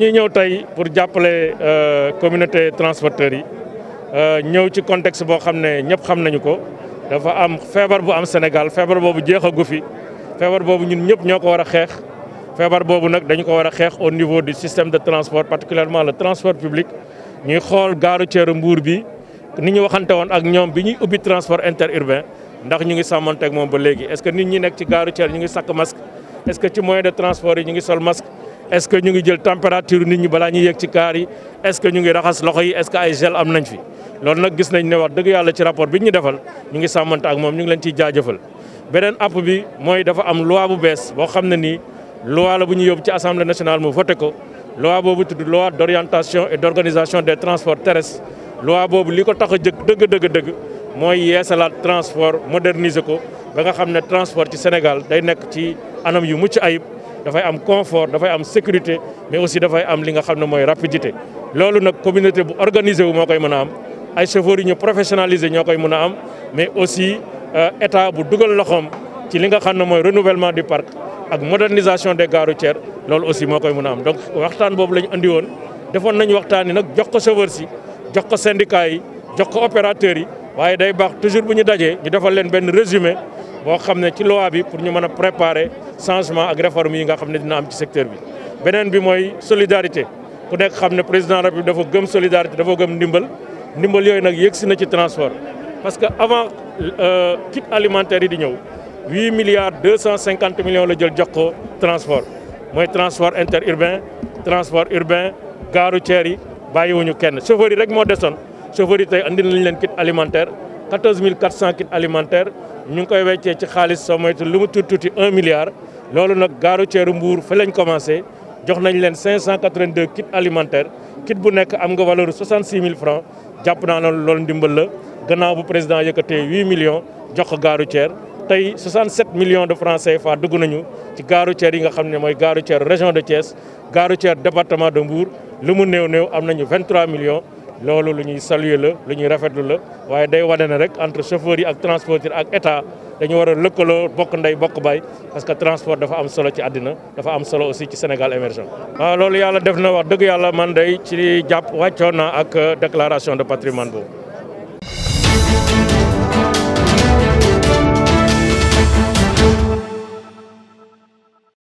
ñuy ñëw tey pour jàppale euh, communauté transporteurs yi euh, ñëw ci context boo xam ne ñëpp xam nañu ko dafa am feebar bu am Sénégal feebar boobu jeexagu fi feebar boobu ñun ñëpp ñoo ko war a xeex feebar boobu nag dañu ko war a xeex au niveau du système de transport particulièrement le transport public ñuy xool gaaru ceeru Mbuur bi ni ñu waxante woon ak ñoom bi ñuy ubbi transport interurbain ndax ñu ngi sàmmanteeg moom ba léegi est-ce que nit ñi nekk ci ngi sakk masque est ñu ngi sol est-ce que ñu ngi jël température nit ñi balaa ñuy yegg ci kaar yi est-ce que ñu ngi raxas loxo yi est-ce que ay gel am nañ fi loolu nag gis nañ ne wax dëgg yàlla ci rapport bi ñu defal ñu ngi sàmmante ak moom ñu ngi leen ciy jaajëfal beneen app bi mooy dafa am loi bu bees boo xam ne nii loi la bu ñu yóbbu ci assemblée nationale mu voté ko loi boobu tudd loi d'orientation et d'organisation des transport terrestres loi boobu lii ko tax a jëkk dëgg dëgg dëgg mooy yeesalaat transport moderniser ko ba nga xam ne transport ci Sénégal day nekk ci anam yu mucc ayib d'avoir am confort d'avoir am sécurité mais aussi d'avoir am li nga xam ne rapidité lors nag communauté bu organisé wu moo koy am ay chauffeurs yi ñu professionnalisé ñoo koy am mais aussi euh, état bu dugal loxoom ci li nga xam ne renouvellement du parc ak modernisation des gares routières loolu aussi moo koy am donc waxtaan boobu la ñu andi woon defoon nañu waxtaan yi nag jox ko chauffeur si jox ko syndicat yi jox ko opérateurs yi day toujours bu ñu dajee ñu defal leen benn résumé boo ci loi bi pour nous mën a préparer changement ak réforme yi nga xam secteur bi. deuxième, bi la solidarité ku nekk xam ne président République dafa gëm solidarité dafa gëm ndimbal ndimbal yooyu nag yëgsi na ci transport parce que avant euh, kit alimentaire yi di ñëw 8 milliards 250 millions la jël jox ko transport mooy transport interurbain transport urbain gaaru ceer yi bàyyiwuñu kenn Chauffeur, yi rek moo desoon chauffeur, yi tey andi leen kit alimentaire 14 400 kits alimentaires kit alimentaire nous avons koy ci de un milliard Nous avons commencé jox avons 582 kits alimentaires kit bu nekk am nga valeur 66 000 francs Nous avons fait président de 8 millions jox ko gaaru 67 millions de francs CFA dugg nañu ci yi région de Thiès gaaru département de Mbour lu mu fait 23 millions loolu lu ñuy saluer la lu ñuy rafetlu la waaye day wane ne rek entre chauffeur yi ak transporteur ak état dañu war a lëkkaloo bokk ndey bay parce que transport dafa am solo ci àddina dafa am solo aussi ci sénégal émergent waaw ah, loolu yàlla def na wax dëgg yàlla man day ci jàpp wàccoon ak euh, déclaration de patrimoine boobu